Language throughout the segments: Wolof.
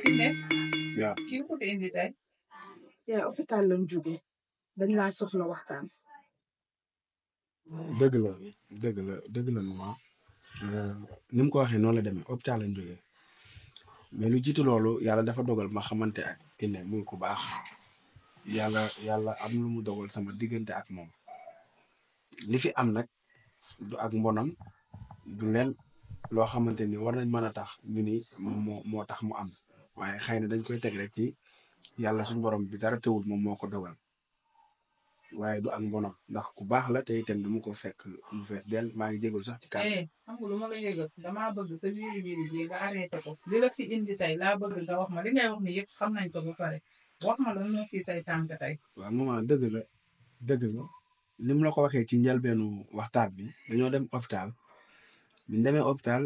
Kii nak, fi indi tey? Yaay opitaal lañ jugee, dañ laa soxla waxtaan. Dëgg la, dëgg la, dëgg la maman. ko waxee noonu la demee opitaal lañ jógee mais lu jiitu loolu yàlla dafa dogal ma xamante ak Ine muy ku baax yàlla yàlla am lu mu dogal sama diggante ak moom li fi am nag du ak mbonam du leen loo xamante ni war nañ mën a tax ñu ni moo tax mu am waaye xëy na dañ koy teg rek ci yàlla suñu borom bi dara teewul moom moo ko dogal waaye du ak mbonam ndax ku baax la te itam du mu ko fekk mu fees del maa ngi jégalu sax ci kàddu. Eh, xam nga lu ma la yëgal damaa bëgg sa wiiri wiiri bi nga arrêté ko li la fi indi tey laa bëgg nga wax ma li ngay wax ni yëpp xam nañ ko ba pare wax ma lan moo fi say tànk tey. waaw maman dëgg la dëgg la ni mu la ko waxee ci njëlbeenu waxtaan bi dañoo dem hôpital bi ñu demee hôpital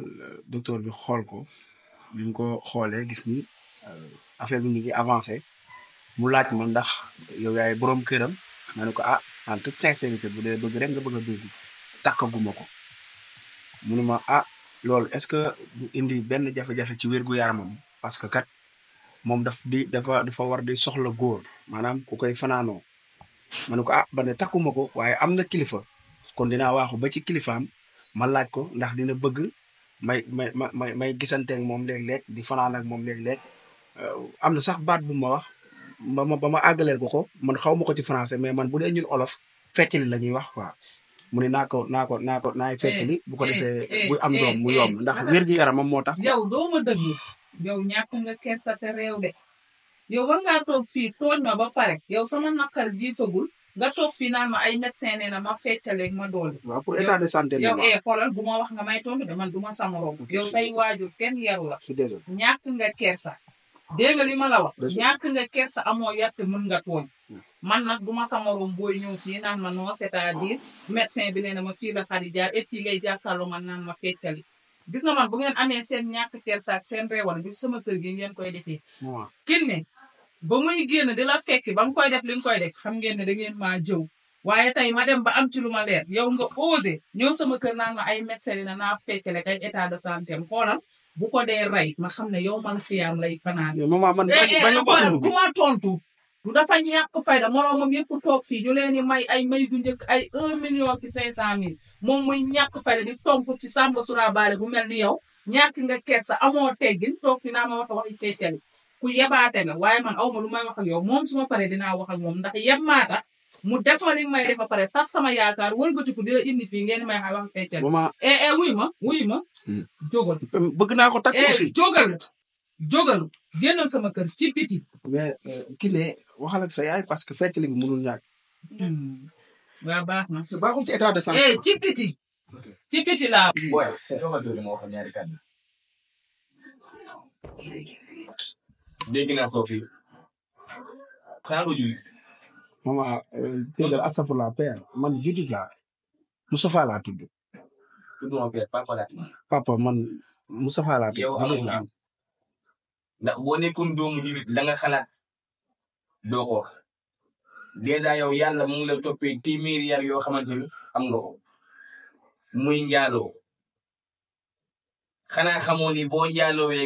docteur bi xool ko bi ñu ko xoolee gis ni Euh, affaire bi ñu ngi avancé mu laaj ma ndax yow yaay borom këram ma ne ko ah en toute sincérité bu dee bëgg rek nga bëgg a dugg takkaguma ko mu ma ah loolu est-ce que du indi benn jafe-jafe ci wér-gu-yaramam parce que kat moom daf di dafa dafa war di soxla góor maanaam ku koy fanaanoo ma ne ko ah ba takkuma ko waaye am na kilifa kon dinaa waaxu ba ci kilifaam ma laaj ko ndax dina bëgg may may may may gisanteeg moom léeg-léeg di fanaan moom léeg lekk Euh, am na sax baat bu ma wax ba ma ba ma àggaleel ko ko man xaw ma ko ci français mais man bu dee ñun olof feccali la ñuy wax quoi mu ne naa ko naa ko naa ko naay feccali bu ko defee eh, eh, bu am eh, doom mu yomb ndax wér gi yaramam moo tax. yow doo ma dëgg yow ñàkk nga kersa te réew de yow war ngaa toog fii tooñ ma ba pare yow sama naqar ji fagul nga toog fii naan ma ay médecin nee na ma feccaleeg ma doole. waaw pour état de santé yow eh wax nga may tontu de man du ma sama yow say waajur kenn yaru la. ñàkk nga kersa. dégg nga li ma la wax. ñàkk nga kersa amoo yar te mën nga tooñ. man nag du ma sa morom booy ñëw fii naan ma non c'est-à-dire ah. médecin bi nee na ma fii la xar yi jaar et fii ngay jàkkaarloo man naan ma feccali. gis nga man bu ngeen amee seen ñàkk kersa ak seen réewal bi sama kër gi ngeen koy defee. waaw kinne ba muy génn di la fekki ba mu koy def li nga koy def xam ngeen ne da ngeen maa jëw. waaye tey ma dem ba am ci lu ma leer yow nga osé ñëw sama kër naan ma ay médecin na naa feccale kay état de santé am xoolal bu ko dee rey ma xam ne yow mal xiyaam lay fanaan. yow maman man eh, eh, ku ma tontu. du dafa ñàkk fayda moroomam yëpp toog fii ñu leen may ay may gu njëkk ay un million ci cinq cent mille moom muy ñàkk fayda di tontu ci Samba Surabaale bu mel ni yow ñàkk nga kersa amoo teggin toog fi naa ma wax waxi feccali ku yebaate nga waaye man awma lu may wax ak yow moom su ma paree dinaa wax ak moom ndax yem maa mu def ma li may def pare tas sama yaakaar wëlbatiku di la indi fii ngeen may wax feccal. maman eh eh wuy ma wuy ma. Hmm. jógal hmm, bëgg naa ko takk eh, aussi. jógal jógal génnal sama kër ci biti. mais euh, sa yaay parce que feccal bi mënul ñàkk. Hmm. waaw baax na. baaxul ci état de santé. eh ci biti. ci biti laa. booy jogal tuuti mama eh, Tégal astafurlah père man judit laa Moustapha laa tudd. papa man Moustapha laa yow amul laa ndax boo nekkoon doomu jullit da nga xalaat doo ko wax yow yàlla mu ngi la toppee téeméeri yar yoo xamante ni am nga muy njaaloo xanaa xamoo ni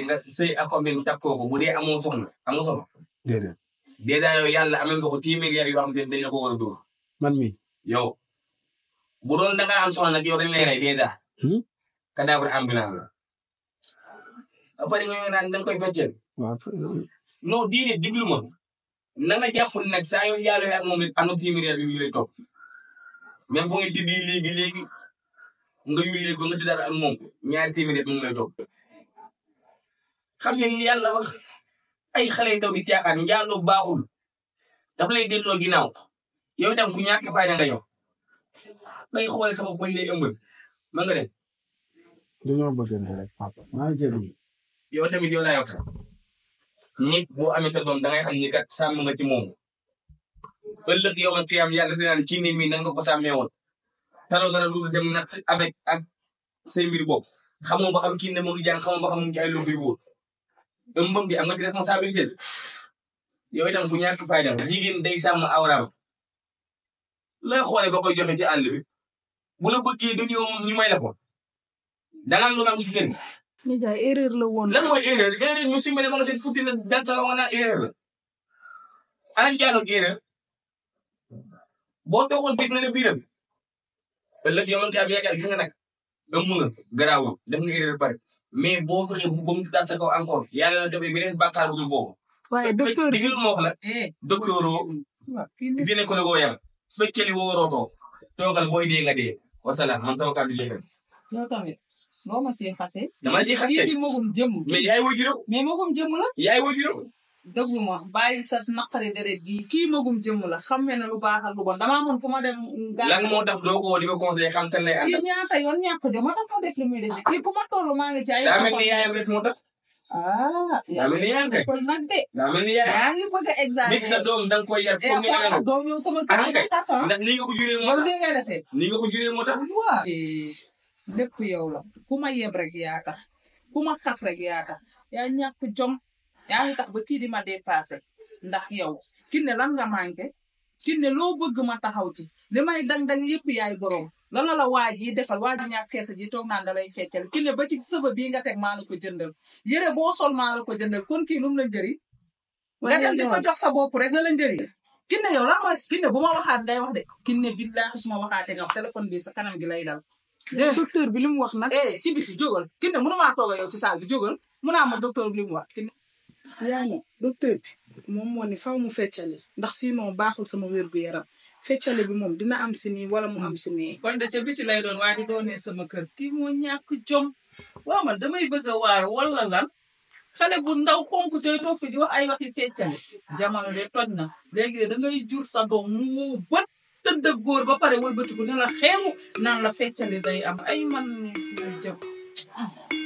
nga sëy akombin takkoo ko bu dee amoo soxna dèjà yow yàlla am nga ko téeméeri yar yoo xam te ne dañ la ko man mi yo bu doon da ngaa am soxla nag yow dañ lay rey dèjà. Hmm? cadavre ambulant la. ba pare nga ñëw da nga koy fecceel. waaw. non diine diglu ma. na nga yoo jàllale ak moom it am na téeméeri yar yu ñu lay topp. même bu ngeen tëddee nga yulee ko nga tëddaat ak moom ñaari yar mu lay topp. xam ngeen yàlla ay xale yu ndaw di caaxaan njaaloo baaxul dafa lay delloo ginnaaw yow itam ku ñàkk fayda nga yow ngay xoole sa bopp bañ lay ëmbal mën nga dem. dañoo bëggante rek papa maa ngi jégalu. yow tamit yow laay wax nit boo amee sa doom dangay xam ni kat sàmm nga ci moom ëllëg yow man fi am yàlla dina naan kii nii mii woon taloo dara lu dem natt avec ak say mbir bopp xamoo ba xam kii ne mu ngi jàng xamoo ba xam mu ëmbam bi am nga ci responsabilité bi yow itam ku ñàkk fayda jigéen day sàmm awraam lay xoole ba koy joxe ci àll bi bu la bëggee dañu ñu may la ko danga lu mag ci kër la woon. lan mooy erreur erreur ñu simbale ma nga seet futti la dan sa nga naan erreur la ana jaaloo erreur boo toogoon fit na ne biiram ëllëg yow man kii ab pare. mais boo fexe ba mu daal sa kaw encore yàlla na defee beneen bàkkaar bu dul boobu. waaye docteur bi déglu ma wax la. Eh, docteur oo. gynécologue oo yar fekkee li woo rootoo toogal booy dee nga dee wasalaam dëggu ma bàyyi sa naqari deret bi kii magum jëmm la xam na lu baax ak lu bon damaa mën fu ma dem. gàllankoor lan moo tax doo ko woo di ko conseillé xam kan lay àndal. kii ñaata yoon ñàkk de moo tax moo def li muy def kii fu ma toll maa ngi ci ay. daa mel ni yaayam rek moo tax. ah. ni yaayam kay. daa mel ni yaayam. yaa ngi bëgg a exagéré. nit sa doom da ni nga eh, ko. doom yow sama kër ah, yi tax ah. ndax nii nga ko moo tax. loolu nga defee. yow la ku ma yeb rek yaa tax ku ma xas rek yaa tax yaa ñàkk jom yaa ngi tax ba kii di ma dépassé ndax yow kinne lan nga manqué kinne loo bëgg ma taxaw ci li may dang-dang yëpp yaay borom lan la waaj yi defal waaj yi ñàkk keesa ji toog naan da lay feccal kinne ba ci sëba bii nga teg maa la ko jëndal yére boo sol maa la ko jëndal kon kii lum la njëriñ nga dem di ko jox sa bopp rek na la njëriñ kinne yow lan mooy kinne bu ma waxaat ngay wax de kinne billaahi su ma waxaatee nga wax téléphone bi sa kanam gi lay dal docteur bi li mu wax nag eh, ci biti jógal kinne mënumaa toog yow ci saal bi jógal docteur bi wax kinne yaa na bi moom moo ni faw mu feccale ndax sinon baaxul sama wér-gu-yaram feccale bi moom dina am si nii wala mu am si nii. Mm. kon da ca biti lay doon waaye di doonee sama kër kii moo ñàkk jom waaw man damay bëgg a waar wala lan xale bu ndaw xonk tey toog fi di wax ay waxi feccale jamono de toj na léegi de da ngay jur sa doom mu wow bët góor ba pare wëlbatiku ne la xeemu nan la feccale day am ay man ne fii